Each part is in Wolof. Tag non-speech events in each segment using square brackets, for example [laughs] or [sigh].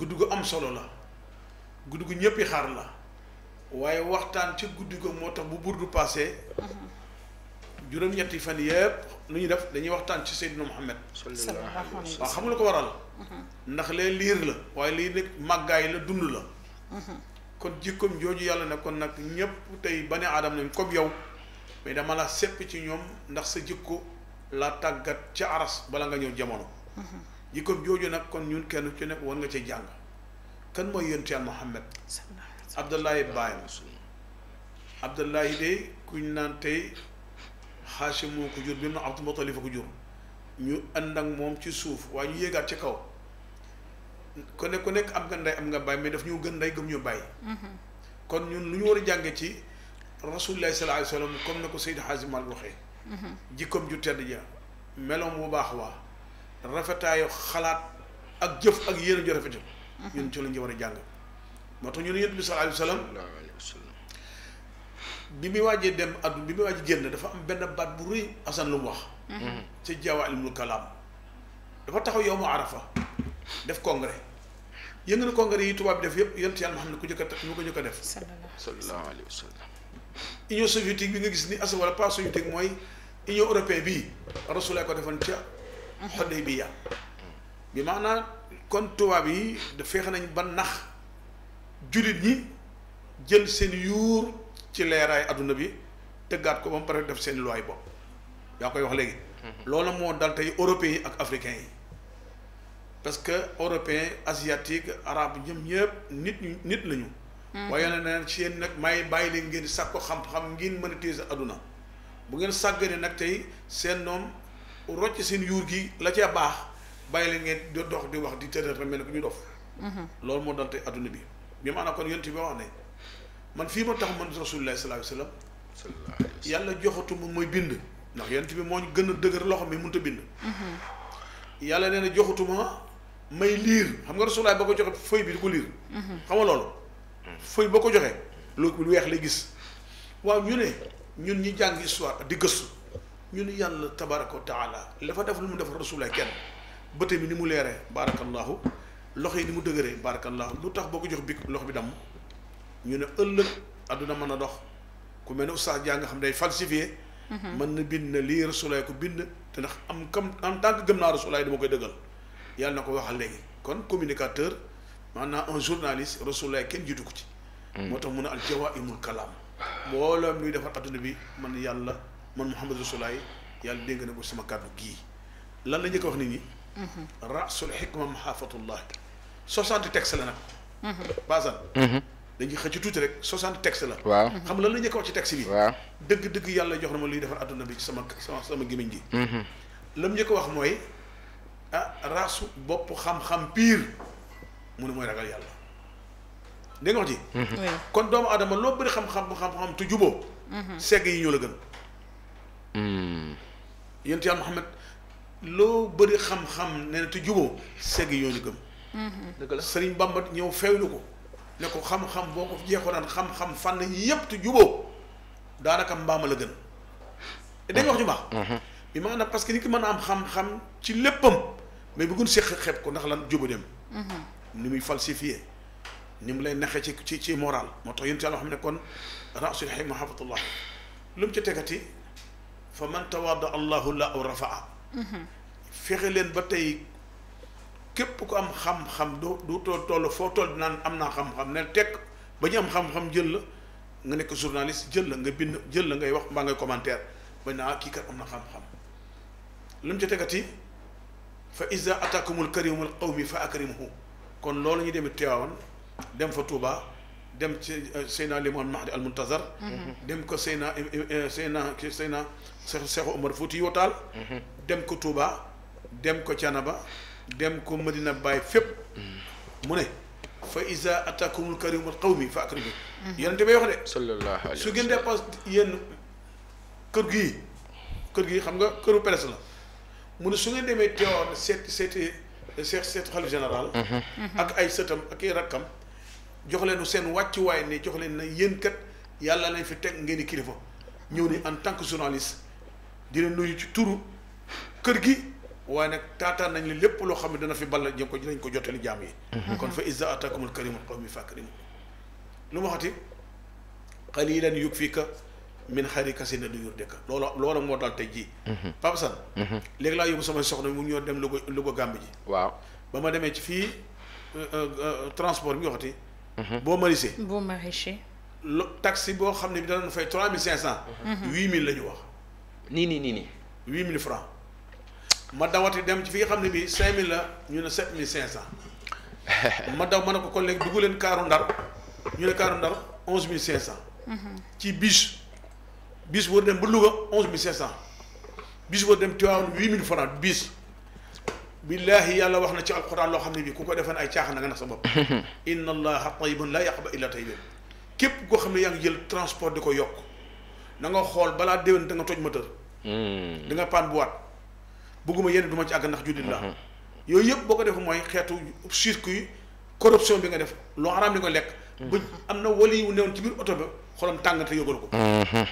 guddi gu am solo la guddi gu ñëppi xaar la waaye waxtaan ci guddi ko moo tax bu burdu passé juróom-ñetti fan yëpp lu ñu def dañuy waxtaan ci Seydina Muhammad waaw xam nga ko waral ndax lee liir la waaye lii nag màggaay la dund la mm-hmm. kon jikkoom jooju yàlla ne kon nag ñëpp tey bane aadam nañ comme yow mais dama la sepp ci ñoom ndax sa jikko la tàggat ca aras bala nga ñëw jamono mm-hmm. jikkoom jooju nag kon ñun kenn ci nekk war nga ci jàng kan mooy yonent Yàlla Muhammad Abdullahi baayam Abdullahi de kuñ naan tey Haasim moo ko jur bi mu ne Abdul ko jur ñu ànd ak moom ci suuf waaye ñu yéegaat ci kaw ku ne ku nekk ab nga ndey am nga bàyyi mais def ñu gën ndey gëm ñu bàyyi mm-hmm. kon ñun lu ñu war a jànge ci rasulillahi sallallahu alayhi wa sallam comme na ko Seydou Haasim Maalik mm-hmm. jikkoom ju tedd ja meloom bu baax waa rafetaayu xalaat ak jëf ak yéen ju rafetal ñun ci lañ war a jàng moo tax ñu ne yonent bi sallallahu alayhi bi muy waajee dem àdduna bi muy waajee génn dafa am benn baat bu rëy asan lu mu wax mhm. ci jawaalimul kalaam dafa taxaw yow mu arafa def congrès yëngu na congrès yi tubaab bi def yëpp yonent yàlla Muhammad ku jëkk a ñu ko jëkk def sallallahu soviétique bi nga gis ni asa wala pas soviétique mooy union européenne bii rasulullah ko defoon ca Xudaybiya bi maanaam kon tubaab yi da feex nañ ba nax jullit ñi jël seen yuur ci leeraay adduna bi tëggaat ko ba mu pare def seen looy bopp yaa koy wax léegi mhm. loolu moo dal tey européens yi ak africains yi parce que européen asiatique arabe ñoom ñëpp nit nit lañu mhm. waaye na neen seen nag may bàyyi leen ngeen sàkko xam-xam ngeen mën a téye sa adduna bu ngeen sàgganee nag tey seen noom rocc seen yuur gi la ca baax bàyyi leen ngeen di dox di wax di tëral rek mel ne ku ñu dof mhm. loolu moo dal tey adduna bi bi maanaam kon yonent bi wax ne man fii ma tax man rasulullah sallallahu alayhi wasallam yàlla joxatuma mooy bind ndax yonent bi moo gën a dëgër loxo mi mënut a bind mhm. yàlla nee na joxatuma may liir xam nga rasulullah ba ko joxe feuille bi di ko liir mhm. xam nga loolu feuille ba ko joxee lu lu weex lay gis waaw ñu ne ñun ñi jàng histoire di gëstu ñu ni yàlla tabaraka wa taala fa def lu mu def rasulaay kenn bëte bi ni mu leeree barakallahu loxo yi ni mu dëgëree barakallahu lu tax boo ko jox bi loxo bi damm ñu ne ëllëg àdduna mën a dox ku mel ne oustaz Dia nga xam ne day falsifié mhm. mën na bind na lii rasulaay ko bind te ndax am comme en tant que gëm naa rasulaay dama koy dëggal yàlla na ko waxal léegi kon communicateur maanaam un journaliste rasulaay kenn jiitu ko ci mm. moo tax mun a al jawaahimul kalaam mboolem luy defar àdduna bi man yàlla man Mouhamed Rasulaay yàlla dégg na ko sama kàddu gii lan la njëkk wax nit ñi. Mhm. rasul xikma maxaafatullah soixante texte la nag. Mhm. basan mhm. dañuy xëcc ci tuuti rek soixante texte la. waaw xam lan la njëkk wax ci texte bi. waaw dëgg dëgg yàlla jox na ma luy defar adduna bi ci sama sama sama gémmiñ gi. lam njëkk wax mooy ah rasu bopp xam-xam pire mu ne mooy ragal yàlla. dégg nga wax ji. kon doomu aadama loo bëri xam-xam xam-xam juboo segg yi ñoo la gën. Hmm. yonent yàlla Muhammad loo bëri xam-xam nee na te juboo segg yoonu gëm. dëgg la Sëriñ Bamba ñëw feewlu ko ne ko xam-xam boo ko jeexoo naan xam-xam fànn yëpp te juboo mbaam a la gën. Eh, dañ wax ju baax. Mm-hmm. bi maanaam parce que nit ki mën a am xam-xam ci léppam mais bëgguñ seq xeeb ko ndax lan juboo dem. Mm-hmm. ni muy falsifié ni mu lay naxee ci ci ci moral moo tax yonent yàlla xam ne kon rasul xayma hafatullah lu mu ci tegati. fa man tawaada allahu la aw rafaa mhm. fexe leen ba tey képp ku am xam-xam doo du tool toll foo toll naan am naa xam-xam ne tekk ba ñu am xam-xam jël la nga nekk journaliste jël la nga bind jël la ngay wax mbaa ngay commentaire ba naa ah, kii kat am na xam-xam lu mu ci tegati fa iza ataakumul karimul qawmi fa akrimuhu kon loolu ñu demee Tiwaawan dem fa Touba dem ci eh, Seyna Limon Mahdi al Muntazar mhm. dem ko Seyna eh, eh, Seyna Cheikh Cheikh Omar Foutiyou Tall mhm. dem ko Touba dem ko Canaba dem ko Medina Baye fépp mhm. mu ne fa iza atakumul karimul qawmi fa akrimu mhm. yonente bay wax de sallallahu alayhi su ngeen dépasse yéen kër gi kër gi xam nga këru presse la mu ne su ngeen demee teewoon seet seeti seet seetu xalif général ak ay sëtam ak ay rakkam jox leen seen wàccuwaay ne jox leen na yéen yàlla lañ fi teg ngeen di kilifa ñëw ni en tant que journaliste di leen nuyu ci turu kër gi waaye nag taataan nañ leen lépp loo xam ne dana fi bala jëm ko dinañ ko jottali jaam yi mhm. kon fa iza atakumul karimul qawmi fakrimu lu ma xati qalilan yukfika min xarika si na du yur dëkk loolu loolu moo daal tey jii mhm. Pape Sane mhm. léegi laa yóbbu samay soxna mu ngi ñoo dem Louga Louga gàmb ji waaw ba ma demee ci fii euh, euh, euh, transport bi nga waxati boo marisé boo marisé lo taxi boo xam ne bi danañ fay trois mille cinq cent huit mille la ñu wax nii nii nii nii. huit mille francs ma dawati dem ci fi nga xam ne bii cinq mille la ñu ne sept mille cinq cent [laughs] ma daw ma ne ko ko lekk dugg leen kaaru ndar ñu ne kaaru ndar onze mille cinq cent. Mhm. ci bus bus war dem ba Louga onze mille cinq cent bus war dem Tivaouane huit mille francs bus. billaahi yàlla wax na ci alquran loo xam ne bii ku ko defee ay caaxaan na nga nax sa bopp. [laughs] inna allaha tayyibun képp koo xam ne yaa ngi jël transport di ko yokk na nga xool balaa déwén da nga toj moteur. Mm. di nga paan boîte bëgguma yenn du ma ci àgg ndax jullit la mm-hmm. yooyu yëpp boo ko def mooy xeetu circuit corruption bi nga def loo xaraam li nga lekk mm-hmm. bu am na wali yu newoon ci biir oto ba xolam tàng te yëgal ko mm-hmm.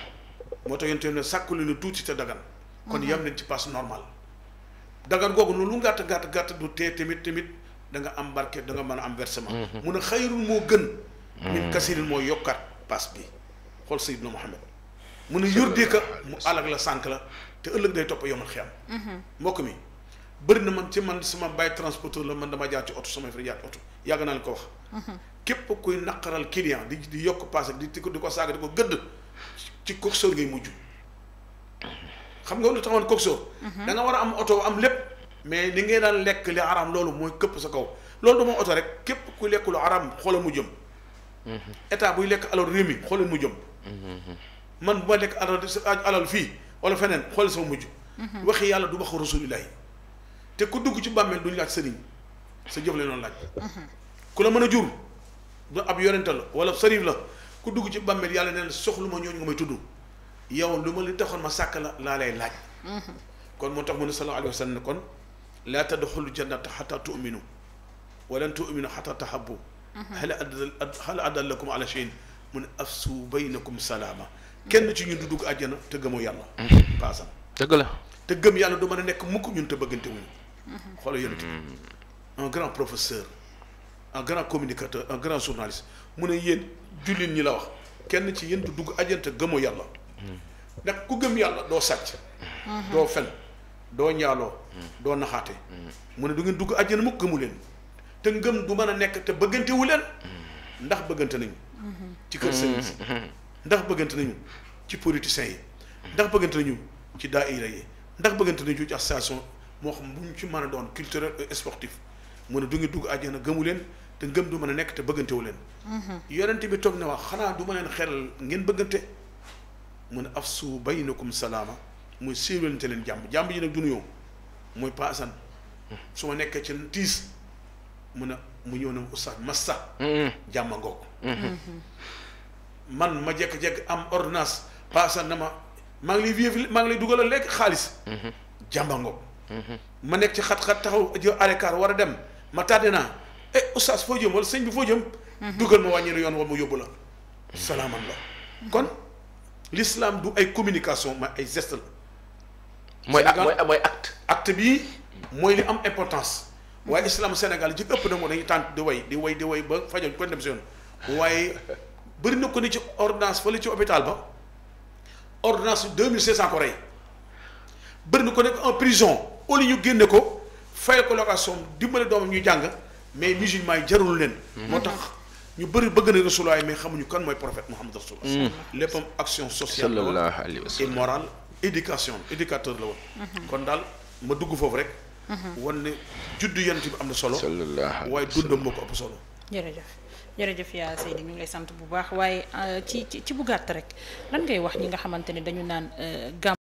moo tax yéen ne sàkku leen tuuti te dagan kon yam leen ci passe normal daggan googu noonu lu gàtt gàtt gàtt du tee tamit tamit danga am barke da nga mën a am versement mun a xayrul moo gën min kasirin mooy yokkaat passe bi xool Seydina Muhammad mu ne yurdika mu alag la sànk la te ëllëg day topp yomal xiyam mhm. mbokk mi bëri na man ci man sama bàyyi transporteur la man dama jaar ci oto sama fi jaar oto yàgg naa leen ko wax mhm. képp kuy di di yokk di di ko saaga di ko gëdd ci xam nga lu taxoon coxeur mhm. da war am oto am lépp mais li ngay daan lekk li araam loolu mooy këpp sa kaw loolu du ma oto rek képp ku lekk lu araam xoolal mu jëm état buy lekk alors réew mi xoolal mu jëm man bu ma lekk alal alal fii wala feneen xool sama mujj. Mhm. waxi yàlla du waxu rasulillah te ku dugg ci bàmmeel duñ laaj sëriñ sa jëf la doon laaj. Mhm. ku la mën a jur du ab yonente la wala sëriñ la ku dugg ci bàmmeel yàlla neen soxlu ma ñooñu nga may tudd yow lu ma li taxoon ma sàkk la laa lay laaj. Mhm. kon moo tax mu ne sallallahu alayhi wa sallam kon laa tadxulu jannata xataa tu'minu walan tu'minu xataa tahabbu. hal adal hal adal lakum ala cheyin mun afsu baynakum salaama kenn ci ñun du dugg àjjana te gëmoo yàlla. Mm-hmm. paasam dëgg la. te gëm yàlla du mën a nekk mukk ñun te bëggante wuñu. Mm-hmm. xoolal yonent bi mm-hmm. un grand professeur un grand communicateur un grand journaliste mu ne yéen jullit ñi la wax kenn ci yéen du dugg àjjana te gëmoo yàlla. ndax ku gëm yàlla doo sàcc. doo fen doo ñaaloo. doo naxaate. mu ne du ngeen dugg àjjana mukk gëmu leen te gën du mën a nekk te bëggante wu leen. ndax bëggante nañu. ci kër sëñ ndax bëggante nañu ci politiciens yi ndax bëggante nañu ci daayira yi ndax bëggante nañu ci association moo xam bu ñu ci mën a doon culturel et sportif mu ne du ngi dugg àjjana gëmu leen te ngëm du mën a nekk te bëggantewu leen mm-hmm. yonent bi toog ne wax xanaa du ma leen xeral ngeen bëggante mu ne afsu baynakum salaama muy siiwalante leen jàmm jàmm ji nag du nuyoo mooy paasan su ma nekkee ci tiis mu ne mu ñëw ne ustaas massa mm-hmm. jàmm ngoog mm-hmm. man ma jékki-jékki am ordonnance paasa na ma maa ngi lay vieux maa ngi lay lekk xaalis. Mhm. jàmbango. Mhm. ma nekk ci xat-xat taxaw jë alekaar war a dem ma tàdde naa eh oustaz foo jëm wala sëñ bi foo jëm. Mhm. dugal ma wàññi yoon wala ma yóbbu la. salaaman la ay communication ma ay mooy mooy acte. acte bii mooy li am importance. waaye islam Sénégal ji ëpp na moo dañuy tànn di way di way di way ba fajoon ko dem si yoon waaye. bëri na ko ni ci ordonnance fële ci hôpital ba ordonnance yu deux mille cinq cent ko rey bëri na ko nekk en prison au lieu ñu génne ko fay ko location dimbale doomam ñu jàng mais musulman yi jarul leen. Mhm. moo tax ñu bëri bëgg na Rasulullah mais xamuñu kan mooy prophète Muhammad Rasulullah. Mhm. léppam action sociale sallallahu alayhi wa sallam et morale éducation éducateur la woon. Mhm. kon daal ma dugg foofu rek. wan ne juddu yonent bi am na solo. sallallahu alayhi waaye dundam moo ko ëpp solo. jërëjëf yaa Seydi ñu ngi lay sant bu baax waaye euh, ci ci bu gàtt rek lan ngay wax ñi nga xamante ne dañu naan euh, gàmm